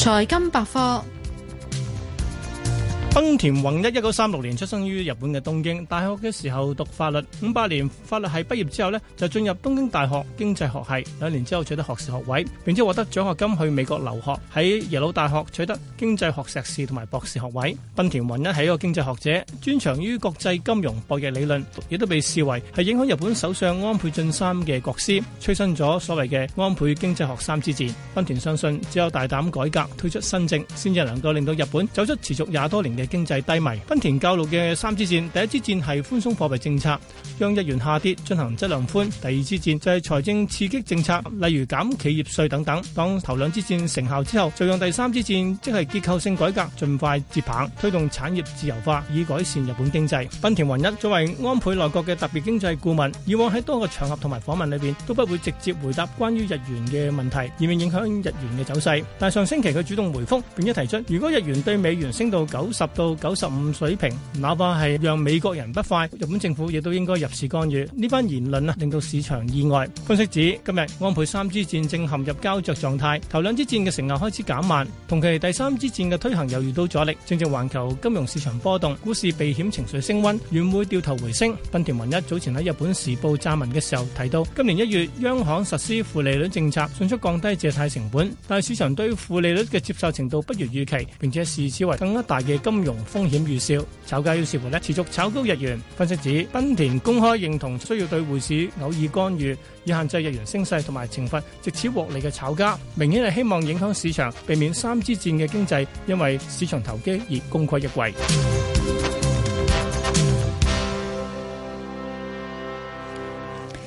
財金百科。濱田宏一，一九三六年出生於日本嘅東京，大學嘅時候讀法律。五八年法律系畢業之後呢，就進入東京大學經濟學係，兩年之後取得學士學位，並且獲得獎學金去美國留學，喺耶魯大學取得經濟學碩士同埋博士學位。濱田宏一係一個經濟學者，專長於國際金融博弈理論，亦都被視為係影響日本首相安倍晉三嘅國師，催生咗所謂嘅安倍經濟學三之戰。濱田相信，只有大膽改革、推出新政，先至能夠令到日本走出持續廿多年。嘅經濟低迷，濱田教路嘅三支箭，第一支箭係寬鬆貨幣政策，讓日元下跌進行質量寬；第二支箭就係財政刺激政策，例如減企業稅等等。當頭兩支箭成效之後，就用第三支箭，即係結構性改革，盡快接棒推動產業自由化，以改善日本經濟。濱田宏一作為安倍內閣嘅特別經濟顧問，以往喺多個場合同埋訪問裏邊，都不會直接回答關於日元嘅問題，以免影響日元嘅走勢。但上星期佢主動回覆，並且提出，如果日元對美元升到九十，到九十五水平，哪怕係讓美國人不快，日本政府亦都應該入市干預。呢班言論啊，令到市場意外。分析指今日安倍三支戰正陷入膠著狀態，頭兩支戰嘅成效開始減慢，同期第三支戰嘅推行又遇到阻力。正正環球金融市場波動，股市避險情緒升溫，遠會掉頭回升。濱田宏一早前喺日本時報撰文嘅時候提到，今年一月央行實施負利率政策，迅速降低借貸成本，但係市場對於負利率嘅接受程度不如預期，並且視此為更加大嘅金。金融風險預兆，炒家要視乎咧持續炒高日元。分析指，濱田公開認同需要對匯市偶爾干預，以限制日元升勢同埋懲罰藉此獲利嘅炒家，明顯係希望影響市場，避免三支戰嘅經濟因為市場投機而功虧一簣。